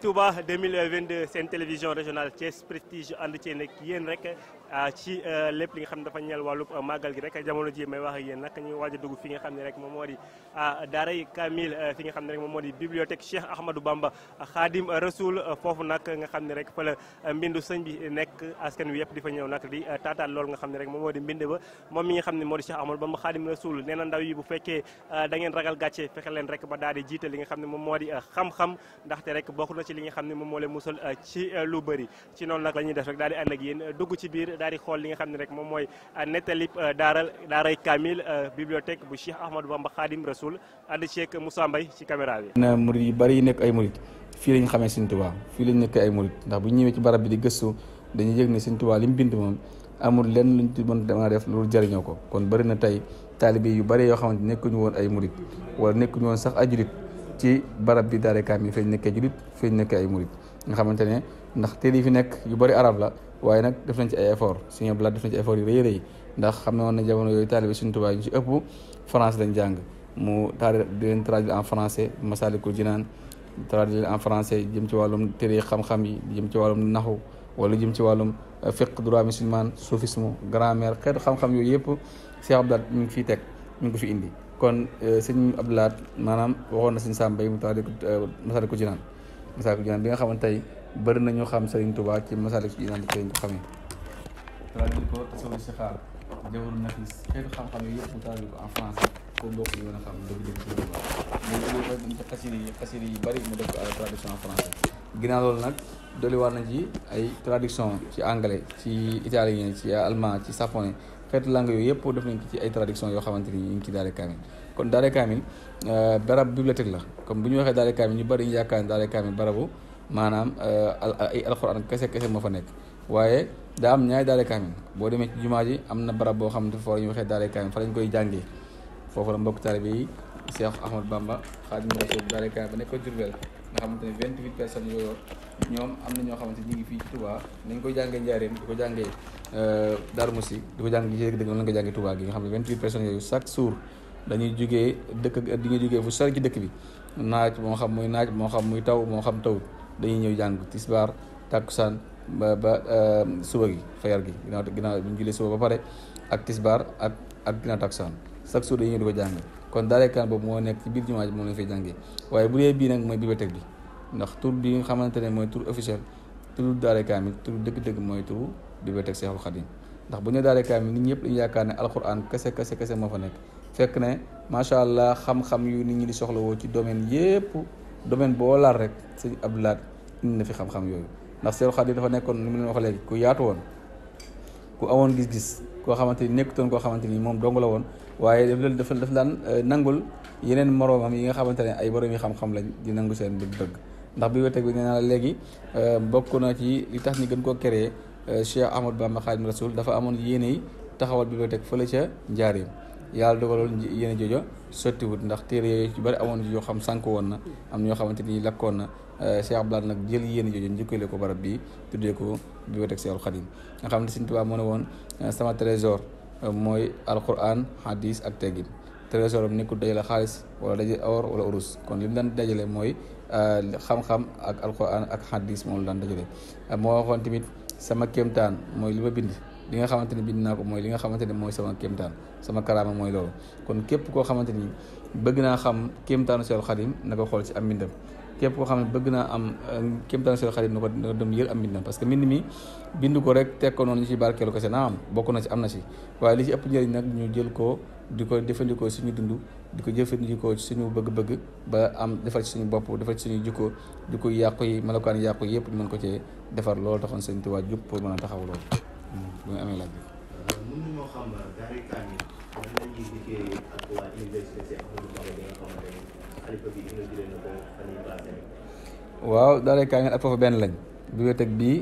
Touba 2022 seen télévision régionale Thiès Prestige ànd ci nag yéen rek ah, ci euh, lépp li nga xam ne dafa ñeel wàllu euh, màggal gi rek jamono ji may wax ak yéen nag ñu waaj a dugg fi nga xam ne rek moom moo di ah, daaray euh, xam ne moom moo di bibliothèque Cheikh Ahmadou Bamba Khadim Rasoul foofu nag nga xam ne rek fa la mbindu sëñ bi nekk askan wi yëpp di fa ñëw moom moo di mbind ba moom mi nga xam ne moo di Cheikh Ahmadou Bamba Khadim Rasoul nee ndaw yi bu fekkee da ragal gàcce fexe leen rek ba daal di jiite li nga xam ne moom moo di xam-xam ndaxte rek bokk na ci li nga xam ne moom moo leen musal ci euh, lu bëri ci noonu nag la ñuy def rek daal di ànd ak yéen euh, dugg ci biir daal di xool li nga xam ne rek moom mooy euh, nettalib daaral daaray Kamil bibliothèque bu Cheikh Ahmadou Bamba Khadim Rasoul ànd ceeg Moussa Mbaye ci caméra bi. na murid yu bëri yi nekk ay murid fii lañ xamee Sëñ Tuubaa fii lañ nekk ay murid ndax bu ñëwee ci barab bi di gëstu dañuy yëg ne Sëñ Tuubaa li mu bind moom amul lenn luñ ci mën a def loolu jëriñoo ko kon bari na tey taalibe yu bari yoo xamante nekkuñu woon ay murid wala nekkuñu woon sax ay julit ci barab bi daare kaamil fañ nekkee julit fañ nekkee ay murid nga xamante ne ndax téere fi nekk yu bëri arab la waaye nag def nañ ci ay effort Sëñ Abdu Lahat def nañ ci effort yu rëy ndax xam ne woon na jamono yooyu taalibe Sëñ Tuubaa ñu ci ëpp France lañ jàng mu taari di leen traduire en français Masaalikul Jinaan traduire en français jëm ci wàllum téere xam-xam yi jëm ci wàllum naxu wala jëm ci wàllum euh, fiqh droit musulman soufisme grammaire xeetu xam-xam yooyu yëpp Sëñ Abdu Lahat mi ngi fiy teg mi ngi ko fi indi kon euh, Sëñ Abdu Lahat maanaam waxoon na Sëñ Sàmba yi mu taari euh, Masaalikul Jinaan Masaalikul Jinaan bi nga xamante tey bëri nañu xam Serigne Touba ci Masaalikul Jinaan ci lañ ko xamee traduit ko tasawu si xaar jawru nafis xeetu xam-xam yi yëpp mu traduit ko en français pour mbokk yi mën a xam dëgg-dëgg Serigne Touba mais loolu ci xasida yi xasida yi bëri mu def ko ay traduction en français ginnaaw loolu nag dolli war na ci ay traduction ci anglais ci italien ci allemand ci japonais xeetu langue yooyu yëpp def nañ ko ci ay traduction yoo xamante ni ñu ngi ci daal di kon daare kaamil eh, barab bibliothèque la comme bu ñu waxee daare kaamil ñu bari ñu yaakaar daare kaamil barabu maanaam eh, ay alxuraan kese kese moo fa nekk waaye daa am ñaari daare kaamil boo demee ci jumaa ji am na barab boo xam ne foo la daare kaamil fa lañ koy jàngee foofu la mbokk taalibe Cheikh Ahmad Bamba Xaadimu Rasuul daare kaamil ba nekk ko Jurbel nga xamante ne vingt huit personnes yooyu ñoom am na ñoo xamante ñu ngi fii ci Touba nañ ko jàngee Njaaréem di ko jàngee eh, Darou Moussi di ko jàngee ci lañ ko jàngee Touba gi nga xam ne personnes yooyu chaque jour dañuy jugee dëkk dañuy jugee fu sori ci dëkk bi naaj moo xam muy naaj moo xam muy taw moo xam taw dañuy ñëw jàng tisbaar tàkkusaan ba ba euh, suba gi fajar gi ginnaaw ginnaaw bu ñu jullee suba ba pare ak tisbaar ak ak ginnaaw tàkkusaan chaque jour dañuy ñëw di ko jàng kon daaray Kaan boobu moo nekk ci biir jumaa ji moom lañ fay jàngee waaye bu dee bii nag mooy bibliothèque bi ndax tur bi xamante ne mooy tur officiel tur daaray Kaan bi tur dëgg-dëgg mooy turu bibliothèque Seexul Xadiim ndax bu ñu daaray Kaan bi ñëpp dañu yaakaar ne alxuraan kese kese kese moo fa nekk fekk ne macha allah xam-xam yu nit ñi di soxlawoo ci domaine yépp domaine boo laal rek sëñ Abdou Lahad indi na fi xam-xam yooyu ndax Seex Xaadim dafa nekkoon nu mu leen wax léegi ku yaatu woon ku awoon gis-gis koo xamante ni nekkutoon koo xamante ni moom dong la woon waaye daf daf daan eh, nangul yeneen moroomam yi nga xamante ne ay borom yi xam-xam lañ di nangu seen bëgg ndax bi weteg bi nee naa la léegi eh, bokk na ci li tax ñu gën koo créé eh, Cheikh Ahmadou Bamba Xaadimu Rasuul dafa amoon yéene yi taxawal bibliothèque fële ca Njaaréem yàlla dogaloon yéen a jojo sottiwut ndax téere yooyu ci bari amoon yoo xam sànk woon na am ñoo xamante ni lakkoon na eh, Cheikh Abdoulaye nag jël yéen jojo njëkkale ko barab bi tuddee ko bibliothèque Cheikhoul Khadim nga xam ne Sëriñ Tuubaa moo ne woon eh, sama trésor eh, mooy alquran hadis ak teggin trésor am nekkul dajale xaalis wala dajale or wala urus kon li mu daan dajale mooy xam-xam ak alquran ak hadis moom la daan dajale moo waxoon sama kéemtaan mooy li ma bind li nga xamante ne bind naa ko mooy li xamante ne mooy sama kéemtaan sama karaama mooy loolu kon képp koo xamante ni bëgg naa xam kéemtaanu Seexul Xadim na ko xool ci am mbindam képp koo xam ne bëgg naa am euh, kéemtaanu Seexul Xadim na ko dem yër am mbindam parce que mbind mi bind ko rek teg ko noonu ñu ci barkeelu ko si naa am bokk na ci am na si waaye li ci ëpp njëriñ nag ñu jël koo di ko jëfandikoo suñu dund di ko jëfandikoo ci suñu bëgg-bëgg ba am defar ci suñu bopp defar ci suñu jikko di ko yàqu yi melokaan yàqu yi yëpp mën ko cee defar loolu taxoon Sëñ Tuubaa jub pour mën a taxaw bu ñu amee laaj bi. mën nañoo Kaani nan la ñuy liggéey ak bi nga xamante ni benn lañ bibliothèque bii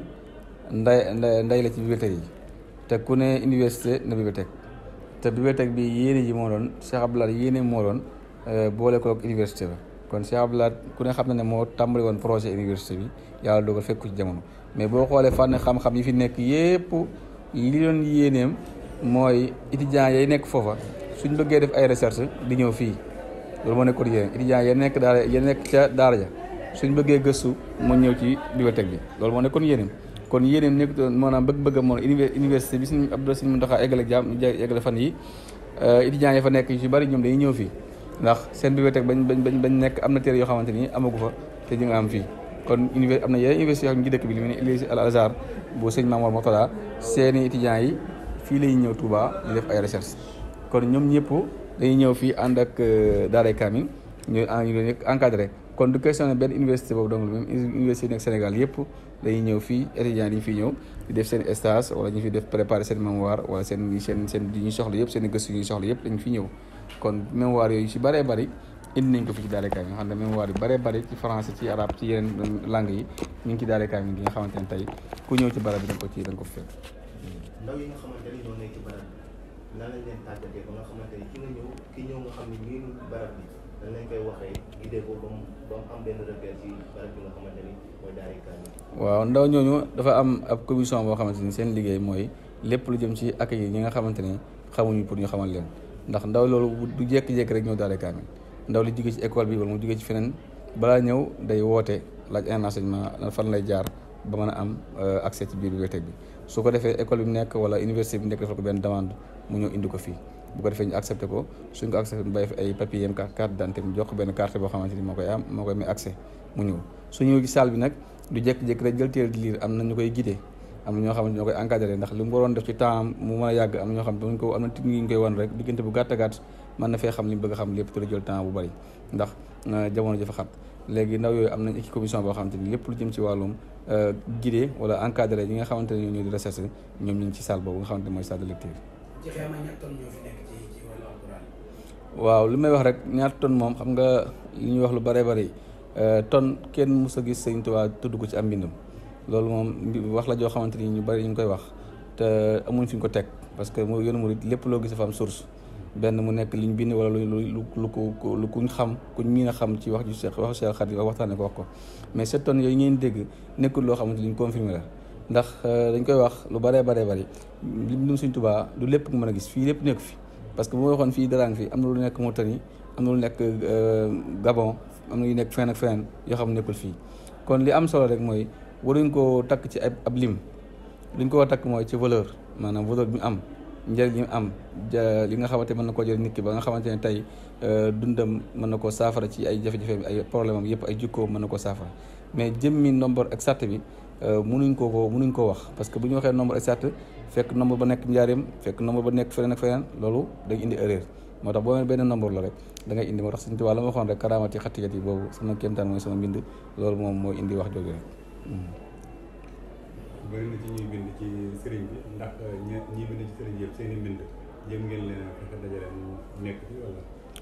nday nday la ci bibliothèque yi te ku ne université na bibliothèque te bibliothèque bi yéene ji moo doon Cheikh Abdoulaye yéene moo doon euh, boole ko ak université ba kon Cheikh laat ku ne xam ne ne moo tàmbali woon projet université bi yàlla dogal fekku ci jamono. mais boo xoolee fànne xam-xam yi fi nekk yépp li doon yéeneem mooy étudiants yay nekk foofa suñ bëggee def ay recherche di ñëw fii loolu moo nekkoon yéen étudiants ya nekk daara ya nekk ca daara ja suñ bëggee gëstu mu ñëw ci bibliothèque bi loolu moo nekkoon yéeneem kon yéeneem nekk maanaam bëgg-bëgg moom université bi suñ Abdou Sëñ Muntaxa eggale jaam eggale fan yi euh, étudiants ya fa nekk yu ci bari ñoom dañuy ñëw fii ndax seen bibliothèque bañ bañ bañ nekk am na téere yoo xamante ni amagu fa te di nga am fii kon univers am na yeneen université yoo xam ne ci bi li mel ni lycée Al Azhar bu seeni étudiants yi fii lay ñëw Touba def ay recherche kon ñoom ñëpp dañuy ñëw fii ànd ak daaray kaamil ñu ñu encadré kon du question benn université boobu donc même université nekk yëpp dañuy ñëw fii étudiants yi ñu fiy ñëw di def seen stage wala ñu fi def préparer seen mémoire wala seen seen seen di ñu soxla yëpp seen gëstu ñu soxla yëpp dañu fi ñëw kon mémoire yooyu si bëree bari indi nañ ko fi ci daare kaamil xam ne mémoire yu bare bare ci français ci arabe ci yeneen langue yi ñu ngi ci daare kaamil gi nga ne tey ku ñëw ci barab bi da nga ko ko fekk ndaw yi ki nga ñëw nga xam ndaw ñooñu dafa am ab commission boo xamante ni seen liggéey mooy lépp lu jëm ci accueil yi ñi nga xamante ni xamuñu pour ñu xamal leen ndax ndaw loolu du jékki-jékki rek ñëw daare kaamil ndaw li jógee ci école bi wala mu jógee ci feneen balaa ñëw day woote laaj un enseignement fan lay jaar ba a am euh, accès ci bi su ko defee école bi mu nekk wala université bi nekk defal ko benn demande mu ñëw indi ko fii bu ko defee ñu accepté ko suñ ko accepté mu bàyyi fi ay papier mu jox ko benn carte boo xamante moo koy am moo koy may accès mu ñëw su ñëw ci bi nag du jékki-jékki rek jël téere am na ñu koy guidé am na ñoo xamante ni ñoo koy encadré ndax li mu waroon def ci temps mu mën a xam ne na technique yi ñu koy wan rek bu gàtt a mën na fee xam li mu bëgg xam lépp te du jël temps bu bari ndax euh, jamono jafe xat léegi ndaw yooyu am nañ équipe commission boo xamante ni lépp lu jëm ci wàllum euh, guidé wala encadré yi nga xamante ne ñoo di recherche ñoom ñu ngi ci salle boobu nga xamante ne mooy salle de lecture. waaw li may wax rek ñaata tonne moom xam nga li ñuy wax lu bare bari euh, tonne kenn mës a gis Sëñ Tuubaa tudd ko ci am mbindam loolu moom wax la joo xamante ni ñu bari ñu koy wax te amuñ fi ko teg parce que lépp loo gis dafa am source. benn mu nekk liñ bind wala lu lu ko lu kuñ xam kuñ miin a xam ci wax ju seex wax seex xarit wax waxtaane ko wax ko mais sept tonnes yooyu ngeen dégg nekkul loo xamante ni confirmé la ndax euh, dañ koy wax lu baree baree bari li tubaa du lépp nga mën a gis fii lépp nekk fi parce que bu ma waxoon fii daraan fi am na lu nekk Mauritanie am na lu nekk euh, Gabon am na yu nekk feneen ak feneen yoo xam nekkul fii kon li am solo rek mooy waruñ koo takk ci ab lim liñ koo takk mooy ci valeur maanaam voleur bi am njëriñ am li nga xamante mën na koo jël nit ki ba nga xamante ne tey euh, dundam mën na koo saafara ci ay jafe-jafe bi ay problème am yëpp ay jikkoom mën na ko saafara mais jëmmi ak exact bi euh, mënuñ koo ko mënuñ koo wax parce que bu ñu waxee nombre exact fekk nombre ba nekk njaareem fekk nombre ba nekk feneen ak feneen loolu dañ indi erreur moo tax boo meen benn nombre la rek da indi moo tax suñu tubaab la ma waxoon rek karaamati xatikat yi boobu sama loolu moom mooy indi wax bëri na ci ñuy bind ci sëriñ i euh, mbind jéem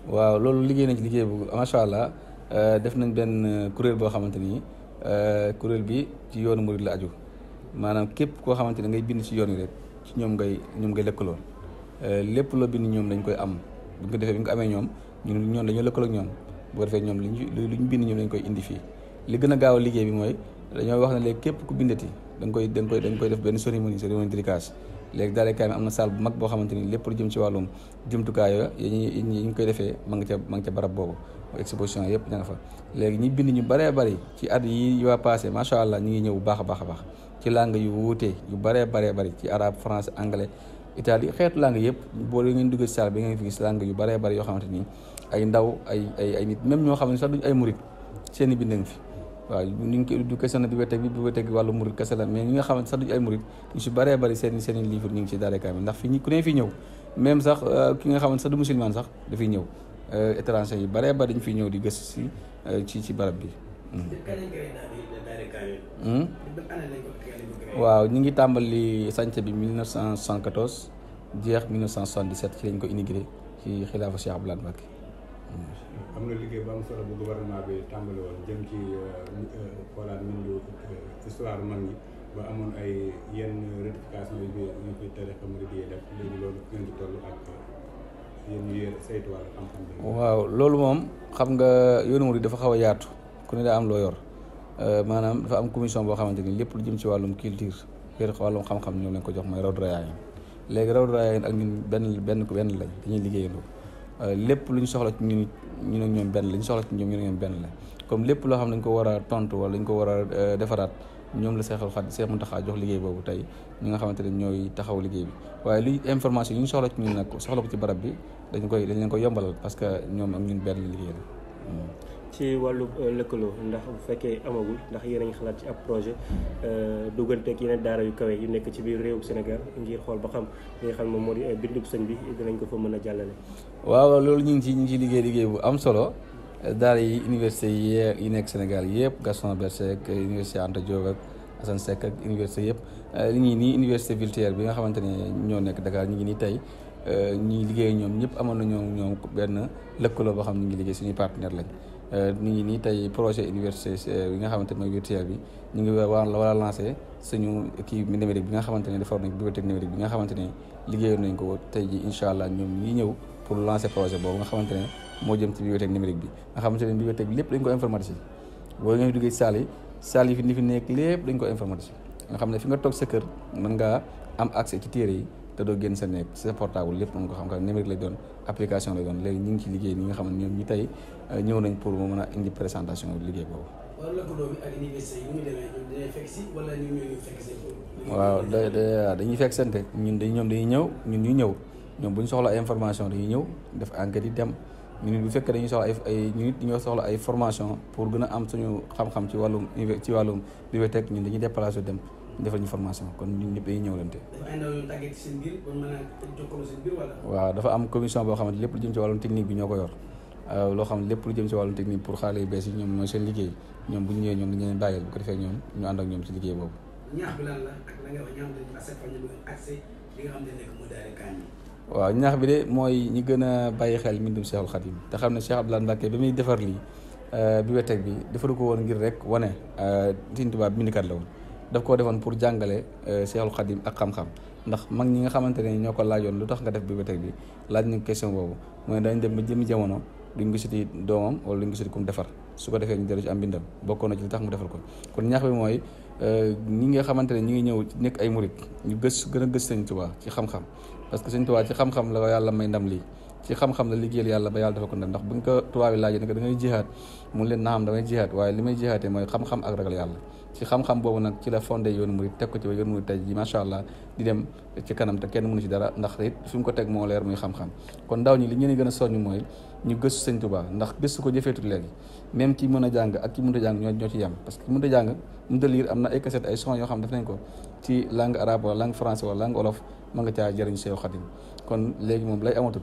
waaw loolu liggéey nañ liggéey bu macha allah euh, def nañ benn euh, kuréel boo xamante ni kuréel bi ci yoonu murid la aju maanaam képp koo xamante ni ngay bind ci yoon yi rek ci ñoom ngay ñoom ngay lëkkaloo lépp loo bind ñoom dañ koy am bu ñu ko defee bi ñu amee ñoom ñun ñoom dañoo lëkkaloo ak ñoom bu ko defee ñoom lu ñu bind ñoom dañ koy indi fii li gën a gaaw liggéey bi mooy. dañoo wax ne léegi képp ku bindati da nga koy da nga koy da nga koy def benn cérémonie cérémonie dricage léegi daal kaay am na salle bu mag boo xamante ni lépp lu jëm ci wàllum jumtukaay ya yi ñu ya ñu koy defee ma nga ca ma nga ca barab boobu exposition yëpp ña nga fa léegi ñi bind ñu baree bari ci at yi waa passé macha allah ñu ngi ñëw bu baax a baax a baax ci langue yu wuute yu baree baree bari ci arabe français anglais italie xeetu langue yëpp boole ngeen duggee ci salle bi ngeen fi gis langue yu baree bari yoo xamante ni ay ndaw ay ay ay nit même ñoo xam ne sax duñ ay murit seen i bind fi waaw niñ ko du question na bibliothèque bi bibliothèque wàllu murid kese la mais ñi nga xamante sax duñu ay murid ñu si bëree bëri seen seen i livre ñu ngi si daaray kaamil ndax fi ñu ku ne fi ñëw même sax euh, ki nga xamante sax du musulman sax dafay ñëw euh, étranger yi bëree bëri dañu fiy ñëw di gës si euh, ci ci barab bi hmm? waaw ñu ngi tàmbali sànce bi 1974 jeex 1977 ci lañ ko inauguré ci xilaafa Cheikh Abdoulaye Mbacké am na liggéey bu solo bu euh, euh, ba amoon ay yenn rectification yu ñu yu fi tere xam nga di def léegi loolu ngeen euh, waaw loolu moom xam nga yoonu murid dafa xaw a yaatu ku ne daa am loo yor maanaam dafa am commission boo xamante ni lépp lu jëm ci wàllum culture yër wàllum xam-xam ñoom lañ ko jox mooy raw doyen léegi raw doyen ak ñun benn benn benn lañ dañuy liggéeyandoo. Euh, lépp lu ñu soxla ci ñun ñu ne ñoom benn la ñu soxla ci ñoom ñu ne ñoom benn la comme lépp loo xam ne dañ ko war a tontu wala dañ ko war a euh, defaraat ñoom la seexal fat seex Muntaxa jox liggéey boobu tey ñi nga xamante ne ñooy taxaw liggéey bi waaye luy information yi ñu soxla ci ñun nag soxla ko ci barab bi dañ koy dañ leen ko yombalal parce que ñoom ak ñun benn liggéey la hmm. ci wàllu euh, lëkkaloo ndax bu fekkee amagul ndax yéen a ngi xalaat ci ab projet euh, duggante ak yeneen daara yu kawee yu nekk ci biir réewu Sénégal ngir xool ba xam nga xam moom moo di euh, bindub sëñ bi dinañ ko fa mën a jàllale. waaw loolu ñu ngi ci ñu liggéey liggéey bu am solo daara yi université yi nekk Sénégal yëpp Gaston Berger ak université Anta Diop ak Assane Seck ak université yëpp li ñuy nii université Villetaire bi nga xamante ne ñoo nekk Dakar ñu ngi ni tey. ñi liggéey ñoom ñëpp amoon na ñoom ñoom benn lëkkaloo boo xam ne ñu ngi liggéey suñuy partenaire lañ ñu euh, ngi nii tey projet université euh, bi nga xamante mooy virtuel bi ñu ngi war la war a lancé suñu kii numérique bi nga xamante ne defar nañ bibliothèque numérique bi nga xamante ne liggéeyoon nañ ko tey ji incha allah ñoom ñu ngi ñëw pour lancer projet boobu nga xamante ne moo jëm ci bibliothèque numérique bi nga xamante ne bibliothèque bi lépp dañ ko informatiser boo nga duggee salle yi salle yi fi ni fi nekk lépp dañ ko informatiser nga xam ne fi nga toog sa kër mën ngaa am accès ci téere yi te doo génn sa néeg sa portable lépp mën ko xam nga numérique lay doon application lay doon léegi ñu ngi ci liggéey ñi nga xam ne tey euh, ñëw nañ pour mu mën a indi présentation liggéey boobu. waaw dañuy fekk sante ñun dañu ñoom dañuy ñëw ñun ñuy ñëw ñoom bu ñu soxla information dañuy ñëw def enquête yi dem ñu bu fekkee dañu soxla ay ñu nit soxla ay formation pour gën a am suñu xam-xam ci wàllum ci wàllum bibliothèque ñun dañuy déplacé dem defal ñu formation kon ñun ñëpp ñëwlante. ñu tàggee ci seen biir ba waaw dafa am commission boo xamante lépp lu jëm ci wàllum technique bi ñoo ko yor euh, loo xam lépp lu jëm ci wàllum technique pour xaale yu bees yi ñoom seen liggéey ñoom bu ñu ñëwee ko defee ñu ànd ak ñoom ci liggéey boobu. ñaax bi lan la ak la bi waaw ñaax bi de mooy ñi gën a bàyyi xel mbindum Cheikhul yi te xam ne Cheikh Abdoulaye Mbacké ba muy defar lii euh, bibliothèque bi defaru ko woon ngir rek wane euh, Sëriñ Tuubaa bindkat la woon daf koo defoon pour jàngale euh, Seexul Xadim ak xam-xam ndax mag ñi nga xamante ne ñoo ko laajoon lu tax nga def bi bibliothèque bi laaj nañ question boobu mooy dañ dem ba jëm jamono duñ gisati doomam wala duñ gisati ku defar su ko defee ñu dellu ci am bokkoon na ci li tax ko kon ñaax bi mooy euh, ñi nga xamante ne ñi ngi ñëw nekk ay murit ñu gës gën a gës Sëñ Tuubaa ci xam-xam parce que Sëñ Tuubaa ci xam-xam la yàlla may ndam lii ci xam-xam la liggéeyal yàlla ba yàlla defal ko ndam ndax ko tubaab yi laajee ne ko da ngay jihaat mu leen am damay jihaat waaye li may jihaatee mooy xam-xam ak ragal yàlla ci xam-xam boobu nag ci la fondé yoonu murid teg ko ci ba yoonu murid tey ji macha allah di dem ci kanam te kenn mënu ci dara ndax it fi ko teg moo leer muy xam-xam kon ndaw ñi li ñu gën a soññ mooy ñu gës sëñ Tuubaa ndax gëstu ko jëfeetul léegi même ci mën a jàng ak ci mënut a jàng ñoo ñoo ci yem parce que mënut a jàng mënut a am na ay cassette ay son yoo xam def nañ ko ci langue arabe wala langue français wala langue wolof ma nga caa jëriñ Seex Xaadim kon léegi moom lay amatul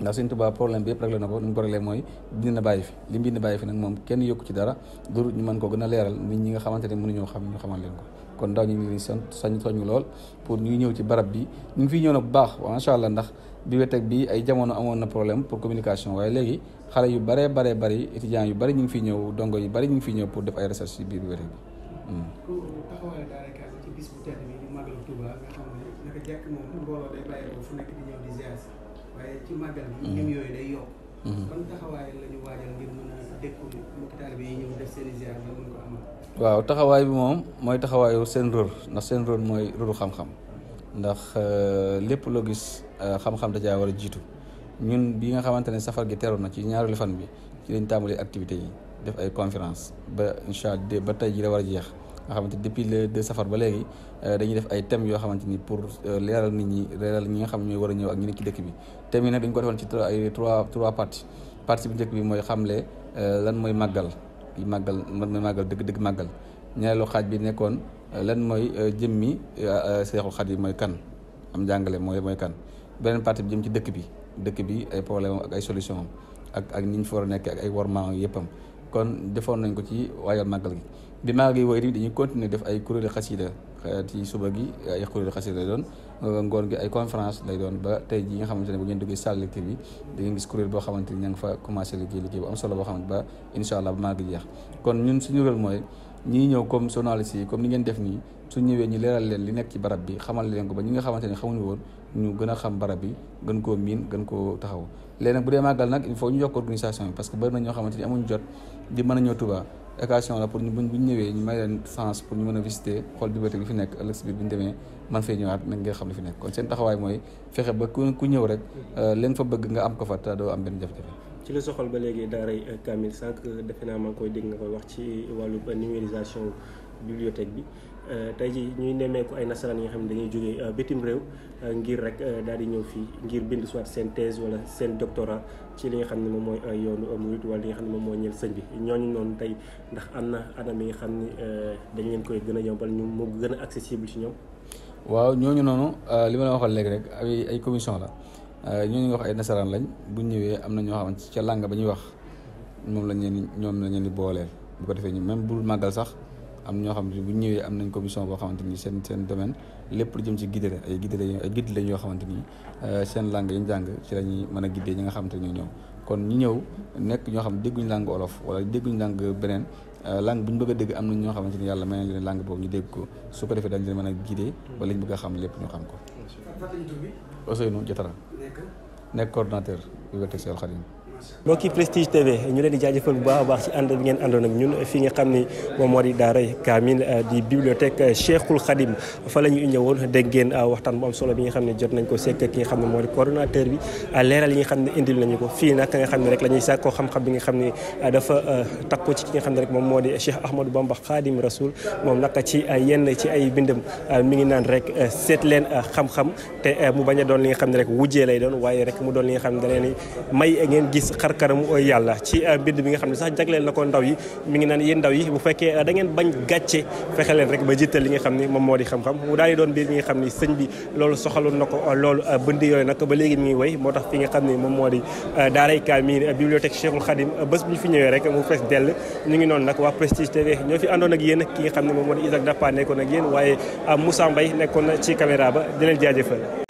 ndax Sëñ Tuubaa problème bi yëpp réglé na ko ni mu ko réglé mooy bind na bàyyi fi li mu bind bàyyi fi nag moom kenn yokku ci dara dur ñu mën ko gën a leeral nit ñi nga xamante ne mënuñoo xam ñu xamal leen ko kon ndaw ñu ngi leen sant sañ soññu lool pour ngi ñëw ci barab bi ñu ngi fiy ñëw nag bu baax macha allah ndax bi weteeg bi ay jamono amoon na problème pour communication waaye léegi xale yu baree baree bari étudiants yu bari ñu ngi fiy ñëw dongo yu bari ñu ngi fiy ñëw pour def ay recherche ci biir waaye ci mm-hmm. mm-hmm. taxawaay waaw taxawaay bi moom mooy taxawaayu seen rôle ndax seen rôle mooy rôlu xam-xam ndax euh, lépp loo gis euh, xam-xam da war a jiitu ñun bi nga xamante ne safar gi teru na ci ñaareelu fan bi ci lañ tàmbalee activité yi def ay conférence ba incha ba tey ji la war a jeex nga xamante depuis le deux safar ba léegi euh, dañuy def ay thèmes yoo xamante ni pour euh, leeral nit ñi leeral ñi nga xam ñooy war a ñëw ak ñu nekk ci dëkk bi thèmes yi nag dañu ko defoon ci ay trois trois parties bu njëkk bi mooy xamle euh, lan mooy màggal màggal lan mooy màggal dëgg-dëgg màggal ñaareelu xaaj bi nekkoon lan mooy jëmmi Seexul Xadiim mooy kan am jàngale mooy mooy kan beneen partie jëm ci dëkk bi dëkk bi ay problème ak ay solution ak ak ni ñu a nekk ak ay warma yëppam kon defoon nañ ko ci waajal màggal gi bi maa ngi woy dañuy continuer def ay kuréeli xasida ci suba gi ay kuréeli xasida lay doon ngoon gi ay conférence lay doon ba tey ji nga xamante ne bu ngeen duggee salle lecture bi da ngeen gis kuréel boo xamante ni ña nga fa commencé liggéey liggéey bu am solo boo xamante ba incha allah ba maa ngi jeex kon ñun suñu rôle mooy ñii ñëw comme journaliste yi comme ni ngeen def nii su ñëwee ñu leeral leen li nekk ci barab bi xamal leen ko ba ñi nga xamante xamuñu woon ñu gën xam barab bi gën koo miin gën koo taxaw léegi nag bu dee màggal nag il faut ñu yokk organisation bi parce que bëri na ñoo xamante amuñu jot di mën a ñëw tubaa occasion la pour ñu buñ buñ ñëwee ñu may leen chance pour ñu mën a visiter xool bibliothèque bi fi nekk ëllëg si biir bu demee man fee ñëwaat nag nga xam li fi nekk kon seen taxawaay mooy fexe ba ku ku ñëw rek euh, leen fa bëgg nga am ko fa te doo am benn jafe-jafe ci la soxal ba léegi daaray Kamil sànq defe naa maa koy dégg nga koy wax ci wàllu numérisation bibliothèque bi Euh, tey ji ñuy nemmeeku ay nasaraan yi xam ne dañuy jógee euh, bitim réew euh, ngir rek daal ñëw fii ngir bind soit seen thèse wala seen doctorat ci li nga xam ne moom mooy yoonu murit wala li nga xam ne moom mooy ñeel sëñ bi ñooñu noonu tey ndax am na anam yi nga xam ne dañ leen koy gën a yombal ñu mu gën a accessible ci ñëw waaw ñooñu noonu li ma la waxal léegi rek ay ay commission la ñooñu nga wax ay nasaraan lañ bu ñëwee am na ñoo xam ci ca làng ba ñuy wax moom lañ leen ñoom lañ leen di booleel bu ko defee même bul màggal sax am ñoo xam ne bu ñëwee am nañ commission boo xamante ni seen seen domaine lépp lu jëm ci guide la ay guide la ay guide lañ yoo xamante euh, seen langue yi ñu jàng ci la ñuy mën a guidee ñi nga xamante ni ñoo kon ñi ñëw nekk ñoo xam ne dégguñu langue olof wala dégguñu langue beneen euh, langue bu ñu bëgg a dégg am nañ ñoo xamante ni yàlla may leen langue boobu ñu dégg ko su ko defee dañ leen mën a guidee ba liñ bëgg a xam lépp ñu xam ko Ousseynou Diatara nekk coordonnateur bibliothèque Sëriñ Xaadim mbokki Prestige TV ñu leen di jaajëfal bu baax a baax ci ànd bi ngeen àndoon ak ñun fi nga xam ni moom moo di daaray Kaamil euh, di bibliothèque euh, Cheikhul Khadim fa la ñu ñëwoon dégg ngeen euh, waxtaan bu solo bi nga xam ne jot nañ ko sekk ki nga xam ne moo di coordonnateur bi leeral yi xam ne indil nañu ko fii nag nga xam ne rek la ñuy sàkkoo xam-xam bi nga xam ni dafa takku ci ki nga xam ne rek moom moo di Cheikh Ahmadou Bamba Khadim Rasoul moom nag ci yenn ci ay bindam mi ngi naan rek seet leen xam-xam te mu bañ a doon li nga xam ne rek wujjee lay doon waaye rek mu doon li nga xam ne xarkaramu yàlla ci mbind euh, bi nga xam ne sax jagleel na ko ndaw yi mi ngi naan yéen ndaw yi bu fekkee euh, da ngeen bañ gàcce fexe leen rek ba jiital li nga xam ne moom moo di xam-xam mu daal di doon mbir mi nga xam ne sëñ bi loolu soxaloon na ko euh, loolu bënd yooyu nag ba léegi mi ngi woy moo tax fi nga xam ne moom moo di daaray Kaamil bibliothèque Cheikhul Khadim bés bu ñu fi ñëwee rek mu fees dell ñu ngi noonu nag waa Prestige TV ñoo fi àndoon ak yéen ki nga xam ne moom moo di Isaac Dapa nekkoon ak yéen waaye Moussa Mbaye nekkoon ci caméra ba di leen jaajëfal